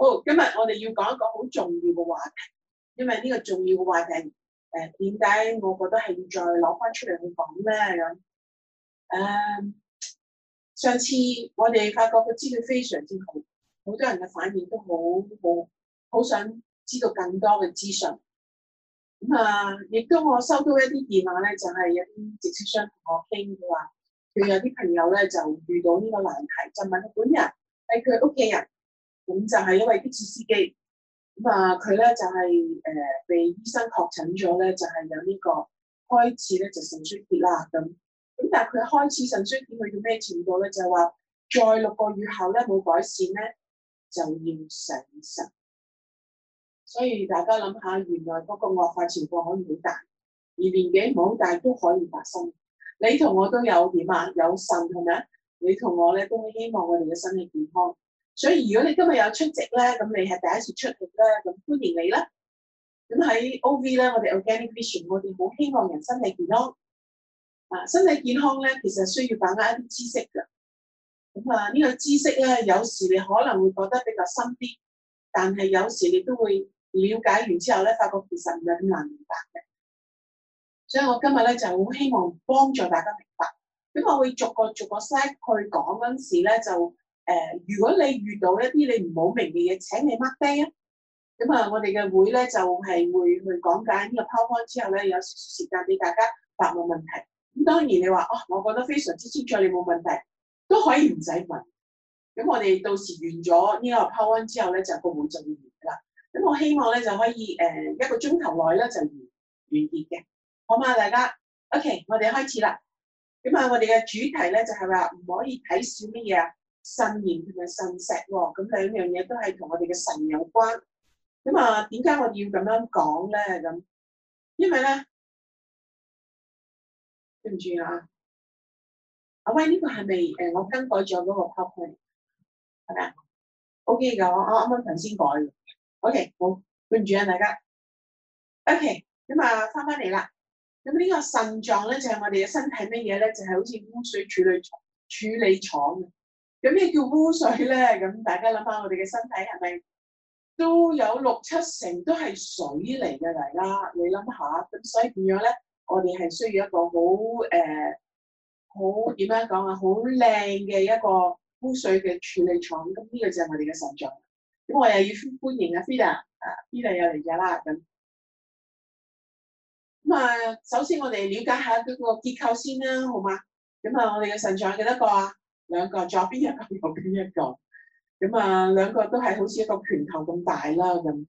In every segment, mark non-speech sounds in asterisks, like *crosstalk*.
好，今日我哋要講一個好重要嘅話題，因為呢個重要嘅話題，誒、呃，點解我覺得係要再攞翻出嚟去講咧？咁，誒、呃，上次我哋發覺個資料非常之好，好，好多人嘅反應都好好好，想知道更多嘅資訊。咁、嗯、啊、呃，亦都我收到一啲電話咧，就係、是、有啲直銷商同我傾嘅話，佢有啲朋友咧就遇到呢個難題，就問佢本人，係佢屋企人。咁就係因為啲次司機咁啊，佢咧就係、是、誒、呃、被醫生確診咗咧，就係、是、有呢、這個開始咧就腎衰竭啦。咁咁但係佢開始腎衰竭去到咩程度咧？就係、是、話再六個月後咧冇改善咧就要洗腎。所以大家諗下，原來嗰個惡化情況可以好大，而年紀唔好大都可以發生。你同我都有點啊，有腎係咪？你同我咧都希望我哋嘅身體健康。所以如果你今日有出席咧，咁你係第一次出席咧，咁歡迎你啦。咁喺 OV 咧，我哋 Organic Vision，我哋好希望人身體健康。啊，身體健康咧，其實需要把握一啲知識㗎。咁啊，呢個知識咧，有時你可能會覺得比較深啲，但係有時你都會了解完之後咧，發覺其實唔係咁難明白嘅。所以我今日咧就好希望幫助大家明白。咁我會逐個逐個 set 去講嗰陣時咧就。誒，如果你遇到一啲你唔好明嘅嘢，請你 mark 低啊。咁啊，我哋嘅會咧就係會去講解呢個 powerpoint 之後咧，有少少時間俾大家答我問題。咁當然你話哦，我覺得非常之清楚，你冇問題都可以唔使問。咁我哋到時完咗呢個 powerpoint 之後咧，就個會就會完嘅啦。咁我希望咧就可以誒、呃，一個鐘頭內咧就完完結嘅。好嘛，大家，OK，我哋開始啦。咁啊，我哋嘅主題咧就係話唔可以睇少乜嘢。腎炎同埋腎石喎，咁、哦、兩樣嘢都係同我哋嘅腎有關。咁啊，點解我要咁樣講咧？咁因為咧，對唔住啊，阿威呢個係咪誒？我更改咗嗰個 PowerPoint 係咪啊？O K 噶，我我啱啱頭先改 O、okay, K，好跟住啊，大家 O K。咁、okay, 嗯、啊，翻翻嚟啦。咁、這個、呢個腎臟咧就係、是、我哋嘅身體乜嘢咧？就係、是、好似污水處理處理廠咁咩叫污水咧？咁大家諗翻我哋嘅身體係咪都有六七成都係水嚟嘅嚟啦？你諗下咁，所以點樣咧？我哋係需要一個好誒，好點樣講啊？好靚嘅一個污水嘅處理廠。咁呢個就係我哋嘅腎臟。咁我又要歡迎阿菲娜，啊菲娜又嚟咗啦。咁咁啊，首先我哋了解下嗰個結構先啦，好嗎？咁啊，我哋嘅腎臟有幾多個啊？兩個左邊一個右邊一個，咁啊兩個都係好似一個拳頭咁大啦咁。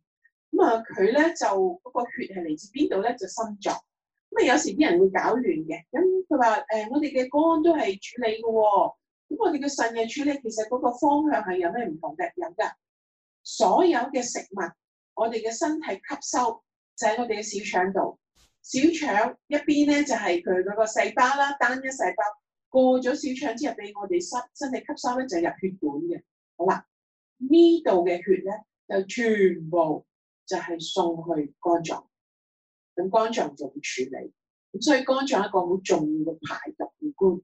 咁啊佢咧就嗰個血係嚟自邊度咧？就心臟。咁啊有時啲人會搞亂嘅。咁佢話誒，我哋嘅肝都係處理嘅喎。咁我哋嘅腎嘅處理，其實嗰個方向係有咩唔同嘅？有㗎。所有嘅食物，我哋嘅身體吸收就喺我哋嘅小腸度。小腸一邊咧就係佢嗰個細胞啦，單一細胞。過咗小腸之後，俾我哋身身體吸收咧，就入血管嘅。好啦，呢度嘅血咧，就全部就係送去肝臟。咁肝臟就會處理。咁所以肝臟係一個好重要嘅排毒器官。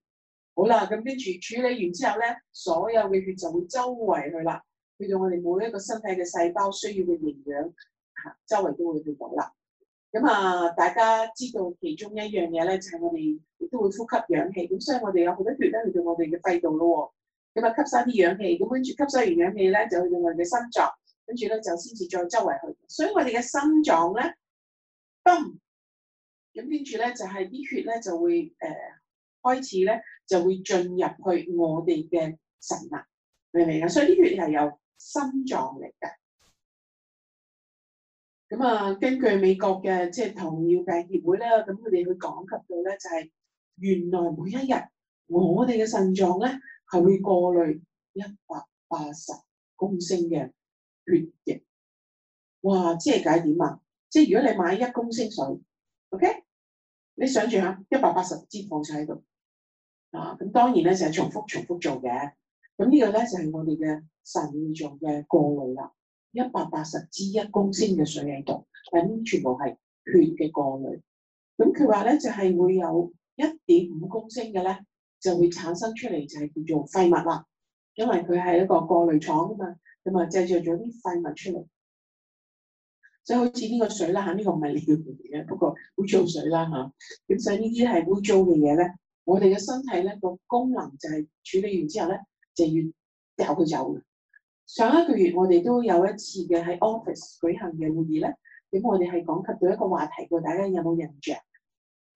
好啦，咁跟住處理完之後咧，所有嘅血就會周圍去啦。去到我哋每一個身體嘅細胞需要嘅營養，吓，周圍都會去到啦。咁啊，大家知道其中一樣嘢咧，就係我哋亦都會呼吸氧氣。咁所以我哋有好多血咧去到我哋嘅肺道咯。咁啊，吸收啲氧氣，咁跟住吸收完氧氣咧，就去到我哋嘅心臟，跟住咧就先至再周圍去。所以我哋嘅心臟咧，泵。咁跟住咧就係啲血咧就會誒、呃、開始咧就會進入去我哋嘅神脈，明唔明啊？所以啲血係由心臟嚟嘅。咁啊，根據美國嘅即係糖尿病協會咧，咁佢哋去講及到咧，就係原來每一日我哋嘅腎臟咧係會過濾一百八十公升嘅血液。哇！即係解點啊？即係如果你買一公升水，OK？你想住下，一百八十支放住喺度啊！咁當然咧就係重複重複做嘅。咁呢個咧就係我哋嘅腎臟嘅過濾啦。一百八十至一公升嘅水喺度，咁全部係血嘅過濾。咁佢話咧就係、是、會有一點五公升嘅咧，就會產生出嚟就係叫做廢物啦。因為佢係一個過濾廠噶嘛，咁啊製造咗啲廢物出嚟，即係好似呢個水啦吓，呢、這個唔係尿嚟嘅，不過污糟水啦吓。咁、啊、所以呢啲係污糟嘅嘢咧，我哋嘅身體咧個功能就係處理完之後咧就要掉佢走。上一個月我哋都有一次嘅喺 office 舉行嘅會議咧，咁我哋係講及到一個話題嘅，大家有冇印象？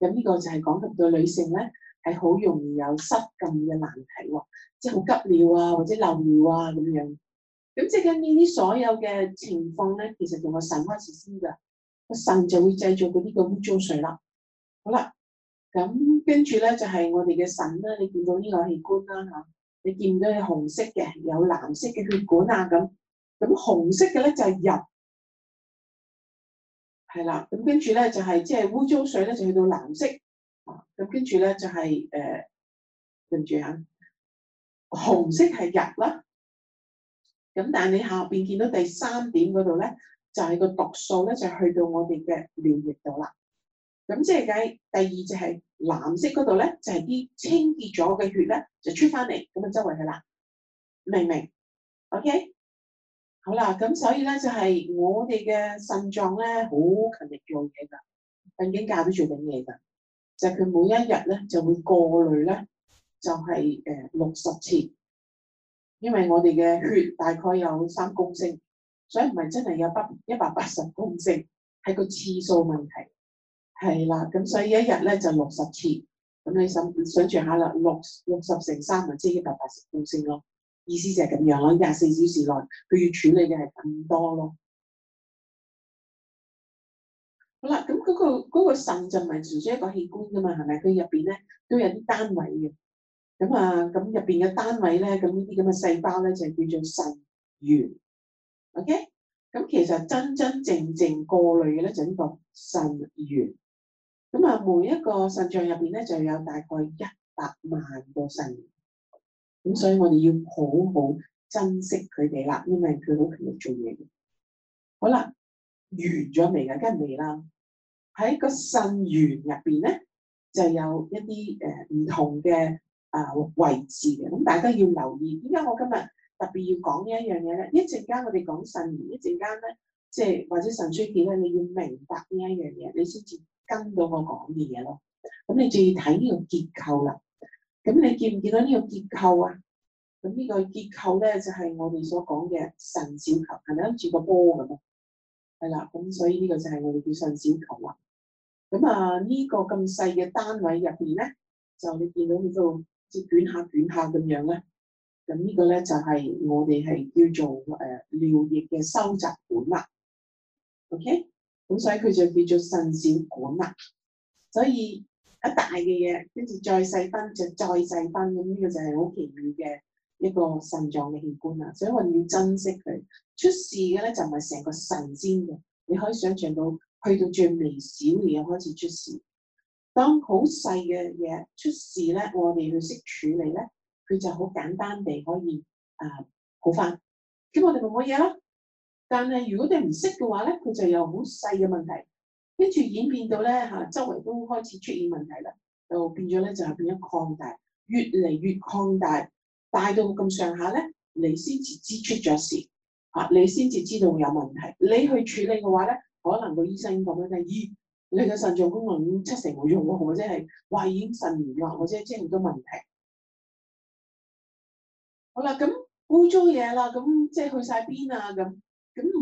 咁呢個就係講及到女性咧，係好容易有失禁嘅難題喎，即係好急尿啊或者漏尿啊咁樣。咁即係呢啲所有嘅情況咧，其實同個腎開始先嘅，個腎就會製造嗰啲個污糟水啦。好啦，咁跟住咧就係、是、我哋嘅腎啦，你見到呢個器官啦吓。你見到係紅色嘅，有藍色嘅血管啊咁，咁紅色嘅咧就係入，係啦，咁跟住咧就係即係污糟水咧就去到藍色，咁跟住咧就係、是、誒，跟住啊，紅色係入啦，咁但係你下邊見到第三點嗰度咧，就係、是、個毒素咧就去到我哋嘅尿液度啦。咁即係解，第二就係藍色嗰度咧，就係、是、啲清潔咗嘅血咧，就出翻嚟，咁啊周圍去啦，明唔明？OK，好啦，咁所以咧就係、是、我哋嘅腎臟咧，好勤力做嘢噶，瞓緊覺都做緊嘢噶，就係、是、佢每一日咧就會過濾咧，就係誒六十次，因為我哋嘅血大概有三公升，所以唔係真係有百一百八十公升，係個次數問題。係啦，咁所以一日咧就六十次，咁你想想象下啦，六六十乘三就一百八十公升咯。意思就係咁樣，廿四小時內佢要處理嘅係咁多咯。好啦，咁嗰、嗰個嗰腎、嗰個嗰個、就唔係純粹一個器官噶嘛，係咪？佢入邊咧都有啲單位嘅。咁啊，咁入邊嘅單位咧，咁呢啲咁嘅細胞咧就係叫做腎元。OK，咁其實真真正正，正過濾嘅咧就呢、呢個腎元。咁啊，每一個腎臟入邊咧，就有大概一百萬個腎元，咁所以我哋要好好珍惜佢哋啦，因為佢好勤力做嘢嘅。好啦，完咗未噶？梗係未啦。喺個腎元入邊咧，就有一啲誒唔同嘅啊、呃、位置嘅。咁大家要留意，點解我今日特別要講呢一樣嘢咧？一陣間我哋講腎元，一陣間咧，即係或者腎衰竭咧，你要明白呢一樣嘢，你先至跟到我講嘅嘢咯，咁你注意睇呢個結構啦。咁你見唔見到呢個結構啊？咁呢個結構咧就係、是、我哋所講嘅腎小球，係咪拎住個波咁啊？係啦，咁所以呢個就係我哋叫腎小球啦。咁啊，呢個咁細嘅單位入邊咧，就你見到佢喺度即係捲下捲下咁樣咧。咁呢個咧就係、是、我哋係叫做誒尿、呃、液嘅收集管啦。OK。咁所以佢就叫做腎小管啦，所以一大嘅嘢，跟住再細分，就再細分，咁、這、呢個就係好奇異嘅一個腎臟嘅器官啦。所以我哋要珍惜佢。出事嘅咧就唔係成個腎先嘅，你可以想象到，去到最微小嘅嘢開始出事。當好細嘅嘢出事咧，我哋去識處理咧，佢就好簡單地可以啊好翻。咁、呃、我哋冇乜嘢咧？但係如果你唔識嘅話咧，佢就有好細嘅問題，跟住演變到咧嚇、啊，周圍都開始出現問題啦，就變咗咧就係、是、變咗擴大，越嚟越擴大，大到咁上下咧，你先至知出咗事，嚇、啊、你先至知道有問題，你去處理嘅話咧，可能個醫生講緊咧，咦、哎，你嘅腎臟功能七成冇用喎，即係話已經腎炎啦，或者即係好多問題。好啦，咁污糟嘢啦，咁即係去晒邊啊咁？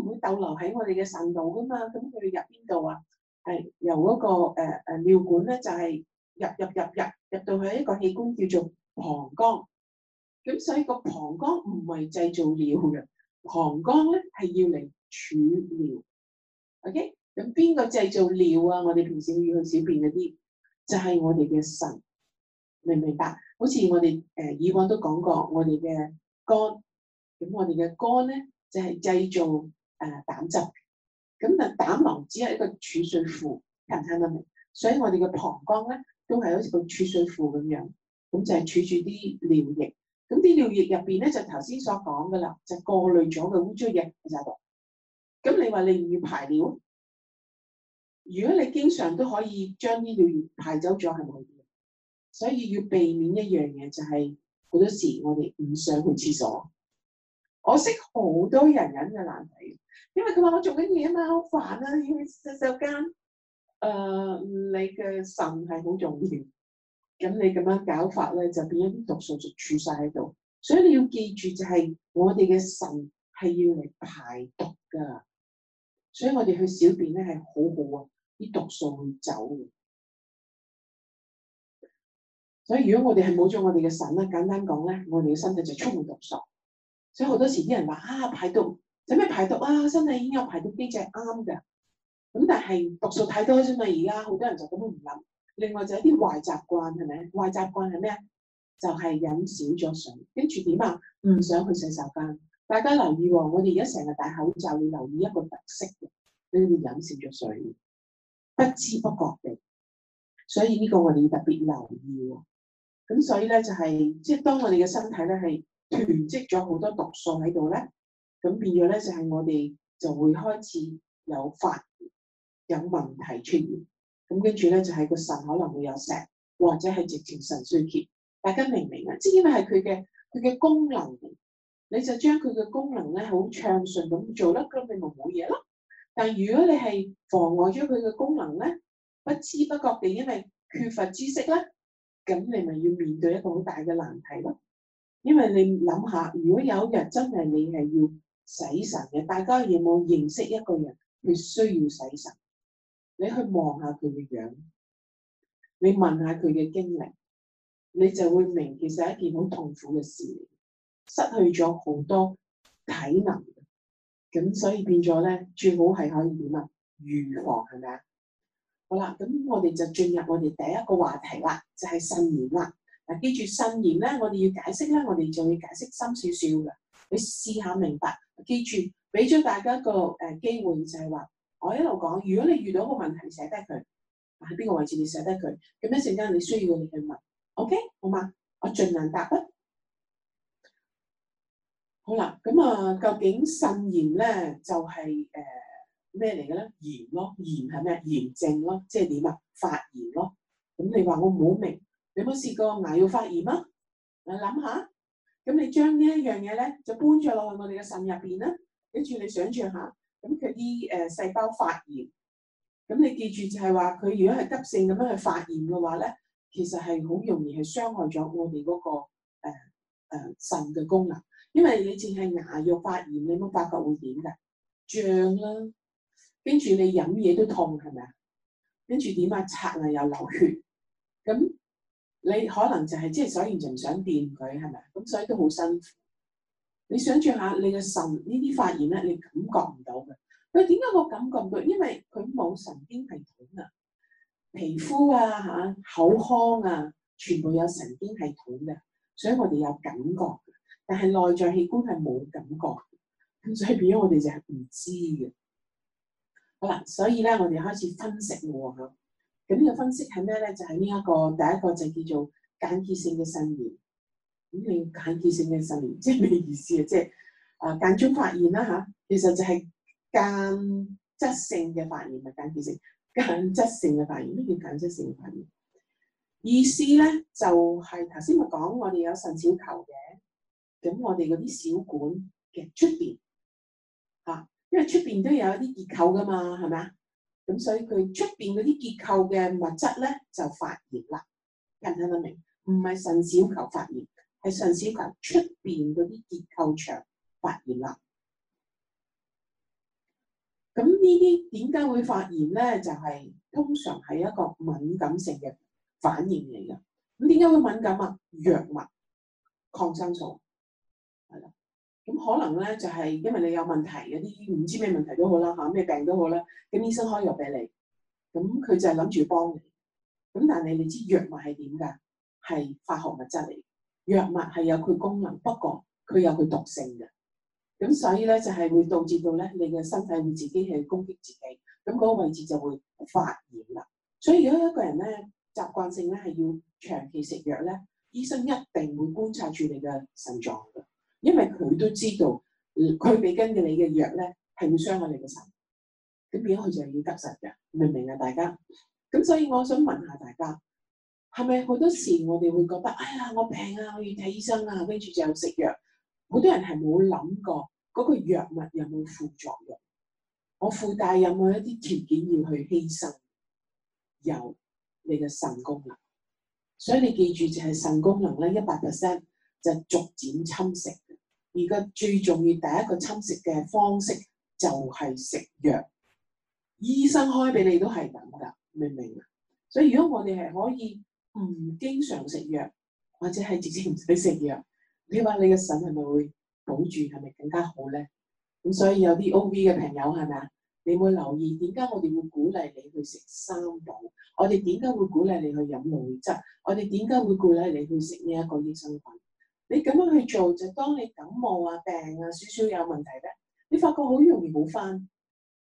會逗留喺我哋嘅腎度㗎嘛？咁佢哋入邊度啊？係由嗰、那個誒、呃呃、尿管咧，就係、是、入入入入入到去一個器官叫做膀胱。咁所以個膀胱唔係製造尿嘅，膀胱咧係要嚟儲尿。OK，咁邊個製造尿啊？我哋平時要去小便嗰啲，就係、是、我哋嘅腎，明唔明白？好似我哋誒、呃、以往都講過，我哋嘅肝。咁我哋嘅肝咧就係、是、製造。誒、呃、膽汁，咁啊膽囊只係一個儲水庫，聽唔得明。所以我哋嘅膀胱咧，都係好似個儲水庫咁樣，咁、嗯、就係儲住啲尿液。咁啲尿液入邊咧，就頭先所講嘅啦，就過濾咗嘅污糟液。就度。咁你話你唔要排尿，如果你經常都可以將啲尿液排走咗，係冇用。所以要避免一樣嘢，就係，就係好多時我哋唔想去廁所。我識好多人人嘅難題。因為佢話我做緊嘢啊嘛，好煩啊，要去洗手間。誒、呃，你嘅腎係好重要，咁你咁樣搞法咧，就變咗啲毒素就儲晒喺度。所以你要記住就係、是，我哋嘅腎係要嚟排毒噶所以我哋去小便咧係好好啊，啲毒素去走。所以如果我哋係冇咗我哋嘅腎咧，簡單講咧，我哋嘅身體就充滿毒素。所以好多時啲人話啊，排毒。使咩排毒啊？身體已經有排毒機制，啱㗎。咁但係毒素太多啫嘛。而家好多人就噉樣唔諗。另外就係啲壞習慣，係咪？壞習慣係咩？就係、是、飲少咗水，跟住點啊？唔、嗯、想去洗手間。大家留意喎、哦，我哋而家成日戴口罩，要留意一個特色嘅，你會飲少咗水，不知不覺地。所以呢個我哋要特別留意喎。咁所以咧就係、是，即係當我哋嘅身體咧係囤積咗好多毒素喺度咧。咁變咗咧，就係我哋就會開始有發有問題出現。咁跟住咧，就係個腎可能會有石，或者係直情腎衰竭。大家明唔明啊？即因為係佢嘅佢嘅功能，你就將佢嘅功能咧好暢順咁做得，咁你咪冇嘢咯。但如果你係妨礙咗佢嘅功能咧，不知不覺地因為缺乏知識咧，咁你咪要面對一個好大嘅難題咯。因為你諗下，如果有一日真係你係要，洗腎嘅，大家有冇認識一個人？佢需要洗腎，你去望下佢嘅樣，你問下佢嘅經歷，你就會明其實係一件好痛苦嘅事，失去咗好多體能。咁所以變咗咧，最好係可以點啊？預防係咪啊？好啦，咁我哋就進入我哋第一個話題啦，就係、是、腎炎啦。嗱，記住腎炎咧，我哋要解釋咧，我哋就要解釋深少少噶。你試下明白，記住，俾咗大家一個誒機、呃、會就，就係話我一路講。如果你遇到個問題，寫低佢，喺邊個位置你寫低佢。咁一陣間你需要你去問，OK 好嘛？我盡量答啦。好啦，咁、嗯、啊，究竟腎炎咧就係誒咩嚟嘅咧？炎咯，炎係咩？炎症咯，即係點啊？發炎咯。咁你話我冇明，你冇試過牙要發炎嗎？你諗下。咁你將呢一樣嘢咧，就搬咗落去我哋嘅腎入邊啦。跟住你想象下，咁佢啲誒細胞發炎。咁你記住就係話，佢如果係急性咁樣去發炎嘅話咧，其實係好容易係傷害咗我哋嗰、那個誒誒、呃呃、腎嘅功能。因為你淨係牙肉發炎，你冇發覺會點㗎？脹啦、啊，跟住你飲嘢都痛，係咪啊？跟住點啊？刷啊，又流血，咁。你可能就係、是、即係所以就唔想掂佢係咪？咁所以都好辛苦。你想象下你嘅腎呢啲發現咧，你感覺唔到嘅。佢點解我感覺唔到？因為佢冇神經系統啊。皮膚啊吓，口腔啊，全部有神經系統嘅，所以我哋有感覺。但係內在器官係冇感覺，咁所以變咗我哋就係唔知嘅。好啦，所以咧我哋開始分析啦咁呢個分析係咩咧就係呢一個第一個就叫做間歇性嘅腎炎。咁你間歇性嘅腎炎即係咩意思啊？即係啊間中發炎啦吓，其實就係間質性嘅發炎啊！間歇性、間質性嘅發炎，咩叫間質性嘅發炎？意思咧就係頭先咪講，我哋有腎小球嘅，咁我哋嗰啲小管嘅出邊啊，因為出邊都有一啲結構噶嘛，係咪啊？咁所以佢出邊嗰啲結構嘅物質咧就發炎啦，人睇得明？唔係腎小球發炎，係腎小球出邊嗰啲結構牆發炎啦。咁呢啲點解會發炎咧？就係、是、通常係一個敏感性嘅反應嚟嘅。咁點解會敏感啊？藥物、抗生素，係啦。咁可能咧就係因為你有問題，嗰啲唔知咩問題都好啦吓，咩病都好啦。咁醫生開藥俾你，咁佢就係諗住幫你。咁但係你知藥物係點噶？係化學物質嚟，藥物係有佢功能，不過佢有佢毒性嘅。咁所以咧就係、是、會導致到咧你嘅身體會自己去攻擊自己，咁嗰個位置就會發炎啦。所以如果一個人咧習慣性咧係要長期食藥咧，醫生一定會觀察住你嘅腎臟噶。因為佢都知道，佢俾跟住你嘅藥咧，係會傷害你嘅腎，咁樣佢就係要得實嘅，明唔明啊？大家，咁所以我想問下大家，係咪好多時我哋會覺得，哎呀，我病啊，我要睇醫生啊，跟住就食藥，好多人係冇諗過嗰個藥物有冇副作用，我附帶有冇一啲條件要去犧牲，有你嘅腎功能，所以你記住就係腎功能咧，一百 percent 就逐漸侵蝕。而家最重要第一個侵蝕嘅方式就係食藥，醫生開俾你都係咁噶，明唔明啊？所以如果我哋係可以唔經常食藥，或者係直接唔使食藥，你話你嘅腎係咪會保住，係咪更加好咧？咁所以有啲 O V 嘅朋友係咪啊？你會留意點解我哋會鼓勵你去食三寶？我哋點解會鼓勵你去飲濃劑？我哋點解會鼓勵你去食呢一個醫生粉？你咁樣去做，就當你感冒啊、病啊、少少有問題咧，你發覺好容易冇翻，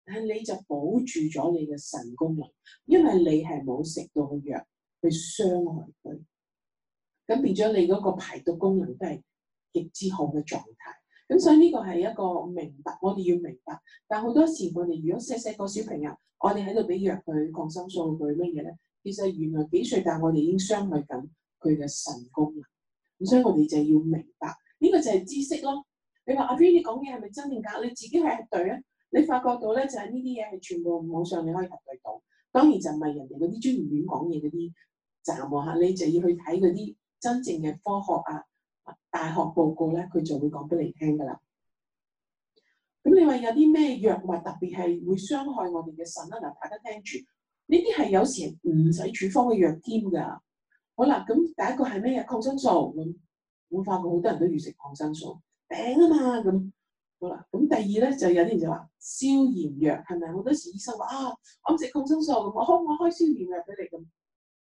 但係你就保住咗你嘅腎功能，因為你係冇食到藥去傷害佢，咁變咗你嗰個排毒功能都係極之好嘅狀態。咁所以呢個係一個明白，我哋要明白。但好多時我哋如果細細個小朋友，我哋喺度俾藥佢、抗生素佢乜嘢咧，其實原來幾歲，但我哋已經傷害緊佢嘅腎功能。所以我哋就要明白，呢個就係知識咯。你，阿 v，你話阿 Vivi 講嘢係咪真定假？你自己去核對啊！你發覺到咧，就係呢啲嘢係全部網上你可以核對到。當然就唔係人哋嗰啲專業院講嘢嗰啲站喎嚇，你就要去睇嗰啲真正嘅科學啊大學報告咧，佢就會講俾你聽噶啦。咁你話有啲咩藥物特別係會傷害我哋嘅腎咧？嗱，大家聽住，呢啲係有時唔使處方嘅藥添㗎。好啦，咁第一個係咩啊？抗生素咁，我發覺好多人都預食抗生素，病啊嘛咁。好啦，咁第二咧就有啲人就話消炎藥係咪？好多時醫生話啊，我唔食抗生素咁，我開我開消炎藥俾你咁。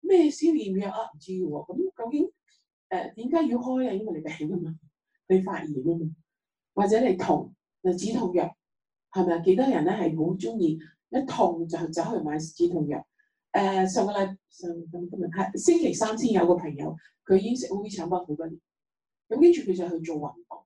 咩消炎藥啊？唔知喎、啊。咁究竟誒點解要開啊？因為你病啊嘛，你發炎啊嘛，或者你痛就止痛藥係咪啊？幾多人咧係好中意一痛就走去買止痛藥？誒，上個禮上個星期三先有個朋友，佢已經食 V 產品好多年，咁跟住佢就去做運動，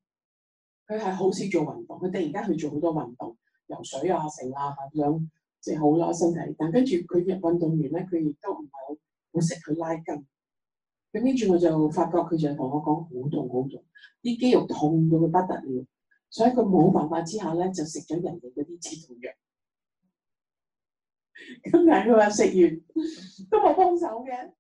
佢係好少做運動，佢突然間去做好多運動，游水啊、成啊咁樣即係好啦身體，但跟住佢入運動完咧，佢亦都唔係好好識去拉筋，咁跟住我就發覺佢就同我講好痛好痛，啲肌肉痛到佢不得了，所以佢冇辦法之下咧就食咗人哋嗰啲止痛藥。咁、 *laughs* *laughs* uh, 但係佢話食完都冇幫手嘅，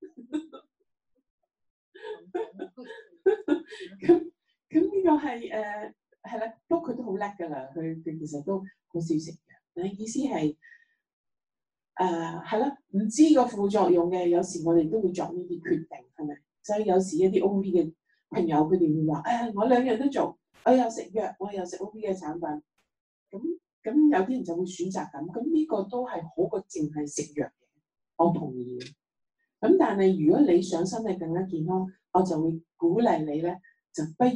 咁咁呢個係誒係啦，不過佢都好叻噶啦，佢佢其實都好少食藥嘅。但意思係誒係啦，唔、uh, 知個副作用嘅，有時我哋都會作呢啲決定，係咪？所以有時一啲 O V 嘅朋友，佢哋會話：，誒，我兩樣都做，我又食藥，我又食 O V 嘅產品，咁。咁有啲人就會選擇咁，咁呢個都係好過淨係食藥嘅。我同意。咁但係如果你想身體更加健康，我就會鼓勵你咧，就不如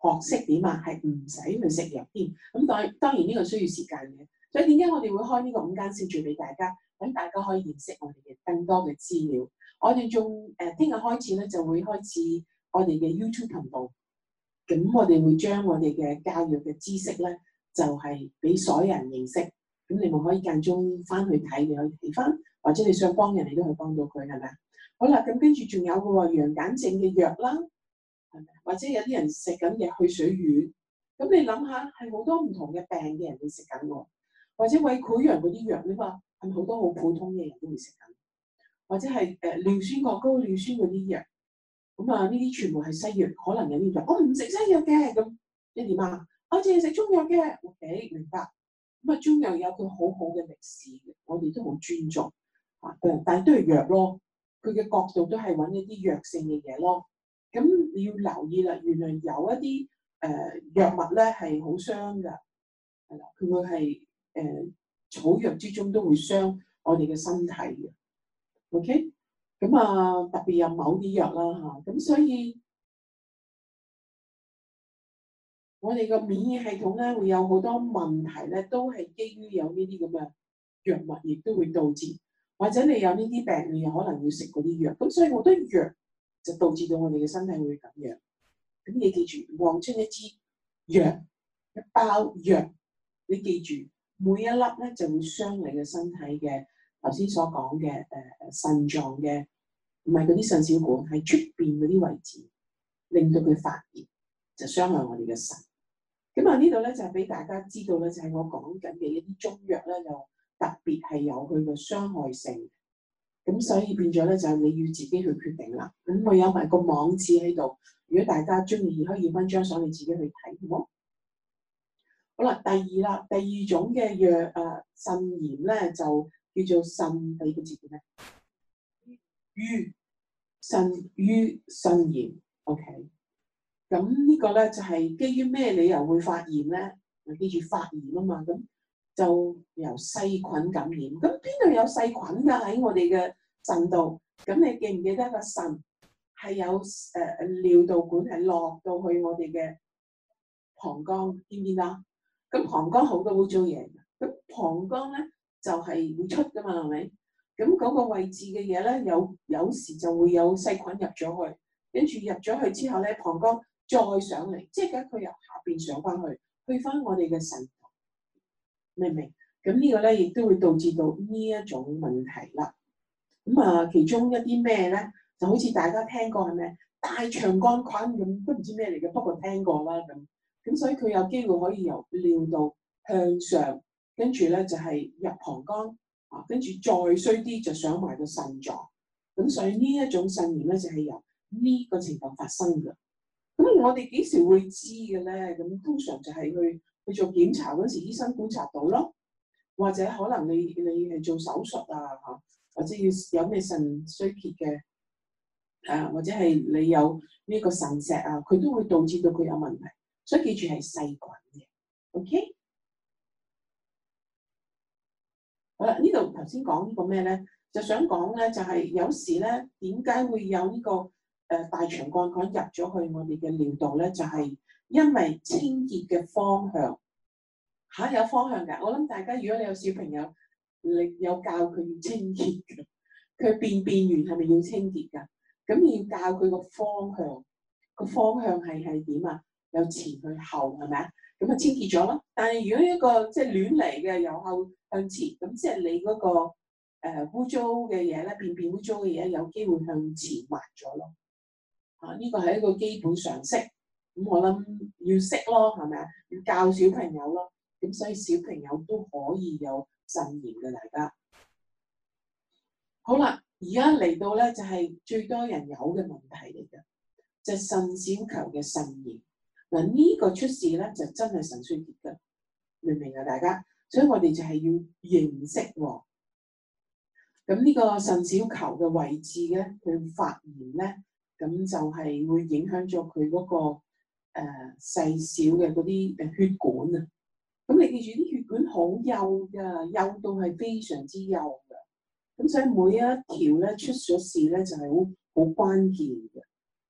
學識點啊，係唔使去食藥添。咁但係當然呢個需要時間嘅。所以點解我哋會開呢個五間小組俾大家，等大家可以認識我哋嘅更多嘅資料。我哋仲誒聽日開始咧，就會開始我哋嘅 YouTube 頻道。咁我哋會將我哋嘅教育嘅知識咧。就係俾所有人認識，咁你咪可以間中翻去睇你可以地方，或者你想幫人，你都可以幫到佢，係咪？好啦，咁跟住仲有個喎，羊癇症嘅藥啦，係咪？或者有啲人食緊嘅去水丸，咁你諗下係好多唔同嘅病嘅人會食緊喎，或者胃潰瘍嗰啲藥啊嘛，係咪好多好普通嘅人都會食緊，或者係誒尿酸過高、尿酸嗰啲藥，咁啊呢啲全部係西藥，可能有啲人、oh, 我唔食西藥嘅，咁一係點啊？我淨係食中藥嘅，OK 明白？咁啊，中藥有佢好好嘅歷史嘅，我哋都好尊重啊。但係都係藥咯，佢嘅角度都係揾一啲藥性嘅嘢咯。咁你要留意啦，原來有一啲誒藥物咧係好傷噶，係啦，佢會係誒、呃、草藥之中都會傷我哋嘅身體嘅。OK，咁啊，特別有某啲藥啦吓，咁所以。我哋個免疫系統咧，會有好多問題咧，都係基於有呢啲咁嘅藥物，亦都會導致，或者你有呢啲病，你又可能要食嗰啲藥。咁所以我覺得藥就導致到我哋嘅身體會咁樣。咁你記住，望穿一支藥、一包藥，你記住每一粒咧就會傷你嘅身體嘅，頭先所講嘅誒誒腎臟嘅，唔係嗰啲腎小管，喺出邊嗰啲位置，令到佢發炎，就傷害我哋嘅腎。咁啊、嗯、呢度咧就俾、是、大家知道咧，就係、是、我講緊嘅一啲中藥咧，就特別係有佢嘅傷害性。咁、嗯、所以變咗咧，就係你要自己去決定啦。咁、嗯、我有埋個網址喺度，如果大家中意可以翻張相，你自己去睇。好啦，第二啦，第二種嘅藥啊，腎炎咧就叫做腎，第二個字點咧？瘀腎瘀腎炎，OK。咁呢個咧就係基於咩理由會發炎咧？記住發炎啊嘛，咁就由細菌感染。咁邊度有細菌㗎？喺我哋嘅腎度。咁你記唔記得個腎係有誒、呃、尿道管係落到去我哋嘅膀胱，見唔見到？咁膀胱好多污糟嘢，咁膀胱咧就係、是、會出噶嘛，係咪？咁嗰個位置嘅嘢咧，有有時就會有細菌入咗去，跟住入咗去之後咧，膀胱。再上嚟，即係佢由下邊上翻去，去翻我哋嘅腎，明唔明？咁呢個咧，亦都會導致到呢一種問題啦。咁啊，其中一啲咩咧，就好似大家聽過係咩大腸桿菌咁，都唔知咩嚟嘅，不過聽過啦咁。咁所以佢有機會可以由尿道向上，跟住咧就係入膀胱，啊，跟住再衰啲就上埋個腎臟。咁所以呢一種腎炎咧，就係由呢個情況發生嘅。我哋幾時會知嘅咧？咁通常就係去去做檢查嗰時，醫生觀察到咯，或者可能你你係做手術啊，或者要有咩腎衰竭嘅，誒、啊、或者係你有呢個腎石啊，佢都會導致到佢有問題。所以記住係細菌嘅，OK 好。好啦，呢度頭先講呢個咩咧，就想講咧就係有時咧點解會有呢個？誒、呃、大腸桿菌入咗去我哋嘅尿道咧，就係、是、因為清潔嘅方向嚇、啊、有方向㗎。我諗大家如果你有小朋友，你有教佢要清潔㗎，佢便便完係咪要清潔㗎？咁你要教佢個方向，個方向係係點啊？由前去後係咪啊？咁啊清潔咗咯。但係如果一個即係亂嚟嘅由後向前，咁即係你嗰、那個污糟嘅嘢咧，便便污糟嘅嘢有機會向前滑咗咯。啊！呢、這個係一個基本常識，咁、嗯、我諗要識咯，係咪啊？要教小朋友咯，咁、嗯、所以小朋友都可以有腎炎嘅。大家好啦，而家嚟到咧就係、是、最多人有嘅問題嚟嘅，就腎、是、小球嘅腎炎。嗱、這、呢個出事咧就真係腎衰竭嘅，明唔明啊？大家，所以我哋就係要認識喎。咁呢個腎小球嘅位置咧，佢發炎咧。咁就係會影響咗佢嗰個誒細、呃、小嘅嗰啲誒血管啊！咁你記住啲血管好幼㗎，幼到係非常之幼㗎。咁所以每一條咧出咗事咧，就係好好關鍵嘅。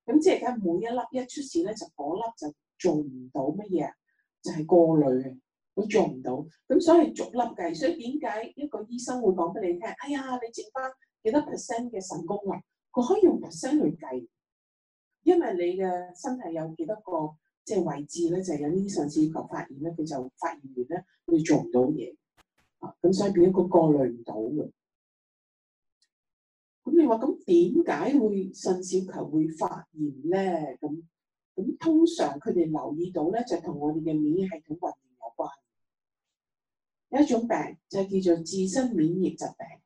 咁即係而家每一粒一出事咧，就嗰粒就做唔到乜嘢，就係、是、過濾嘅，都做唔到。咁所以逐粒計。所以點解一個醫生會講俾你聽？哎呀，你剩翻幾多 percent 嘅腎功能？佢可以用 percent 去計。因為你嘅身體有幾多個即係位置咧，就係有呢啲腎小球發炎咧，佢就發炎完咧會做唔到嘢啊，咁所以變一個過濾唔到嘅。咁你話咁點解會腎小球會發炎咧？咁咁通常佢哋留意到咧，就同我哋嘅免疫系統運營有關。有一種病就叫做自身免疫疾病。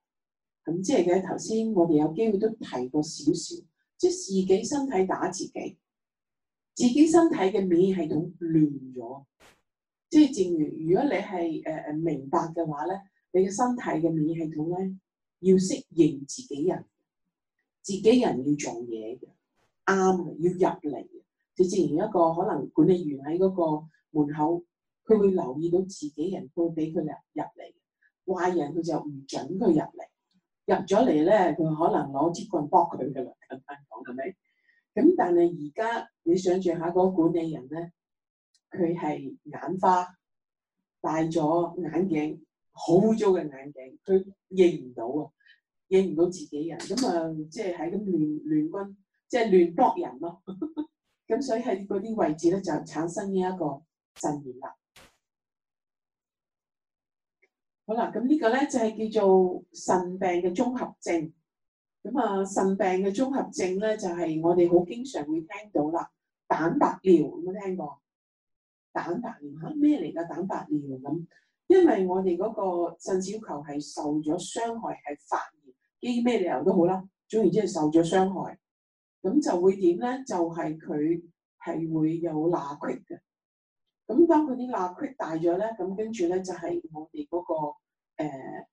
咁即係嘅頭先我哋有機會都提過少少。即係自己身體打自己，自己身體嘅免疫系統亂咗。即係正如，如果你係誒誒明白嘅話咧，你嘅身體嘅免疫系統咧，要適應自己人，自己人要做嘢嘅啱嘅，要入嚟嘅。就正如一個可能管理員喺嗰個門口，佢會留意到自己人會俾佢入入嚟，壞人佢就唔準佢入嚟。入咗嚟咧，佢可能攞支棍搏佢㗎喇，簡單講係咪？咁但係而家你想住下嗰、那個、管理人咧，佢係眼花戴咗眼鏡，好污糟嘅眼鏡，佢認唔到啊，認唔到自己人，咁啊即係喺咁亂亂軍，即、就、係、是、亂搏人咯。咁 *laughs* 所以喺嗰啲位置咧，就產生呢一個陣型啦。好啦，咁呢個咧就係、是、叫做腎病嘅綜合症。咁啊，腎病嘅綜合症咧就係、是、我哋好經常會聽到啦，蛋白尿有冇聽過？蛋白尿吓咩嚟㗎？蛋白尿咁，因為我哋嗰個腎小球係受咗傷害，係發炎，基於咩理由都好啦，總然之係受咗傷害，咁就會點咧？就係佢係會有罅隙嘅。咁當佢啲罅隙大咗咧，咁跟住咧就係我哋嗰、那個誒、呃、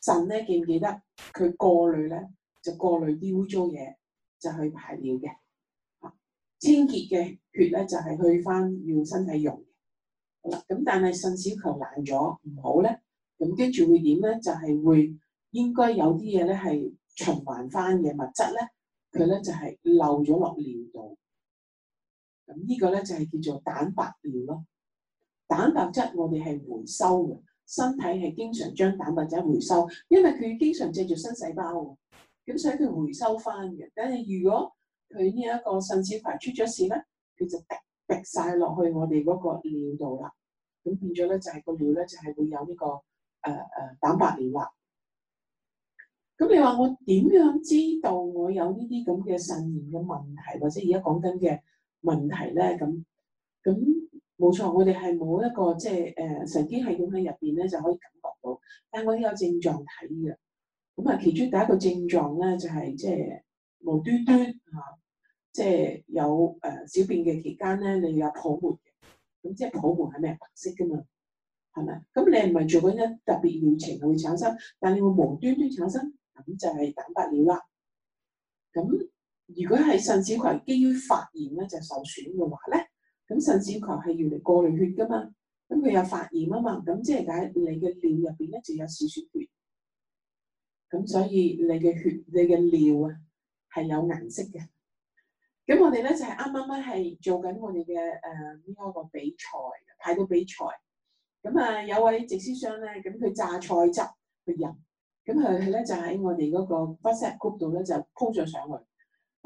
腎咧，記唔記得佢過濾咧，就過濾啲污糟嘢就去、是、排尿嘅，清潔嘅血咧就係、是、去翻要身體用。好、嗯、啦，咁但係腎小球爛咗唔好咧，咁跟住會點咧？就係、是、會應該有啲嘢咧係循環翻嘅物質咧，佢咧就係漏咗落尿度。咁、嗯這個、呢個咧就係、是、叫做蛋白尿咯。蛋白質我哋係回收嘅，身體係經常將蛋白質回收，因為佢經常製造新細胞咁所以佢回收翻嘅。咁如果佢呢一個腎小球出咗事咧，佢就滴滴曬落去我哋嗰個尿度啦。咁變咗咧就係個尿咧就係會有呢、那個誒誒、呃呃、蛋白尿啦。咁你話我點樣知道我有呢啲咁嘅腎炎嘅問題，或者而家講緊嘅問題咧？咁咁。冇錯，我哋係冇一個即係誒、呃、神經系統喺入邊咧，就可以感覺到。但係我哋有症狀睇嘅。咁啊，其中第一個症狀咧，就係、是、即係無端端嚇，即、啊、係、就是、有誒、呃、小便嘅期間咧，你有泡沫嘅。咁即係泡沫係咩？白色㗎嘛，係咪？咁你唔係做緊一特別療程會產生，但係你會無端端產生，咁就係蛋白尿啦。咁如果係腎小球基於發炎咧，就受損嘅話咧？咁腎小球係原嚟過濾血噶嘛，咁佢有發炎啊嘛，咁即係解你嘅尿入邊咧就有少少血，咁所以你嘅血、你嘅尿啊係有顏色嘅。咁、嗯、我哋咧就係啱啱啱係做緊我哋嘅誒呢一個比賽，睇到比賽，咁啊，有位直銷商咧，咁佢榨菜汁去飲，咁佢咧就喺、是、我哋嗰個 WhatsApp group 度咧就鋪咗上去。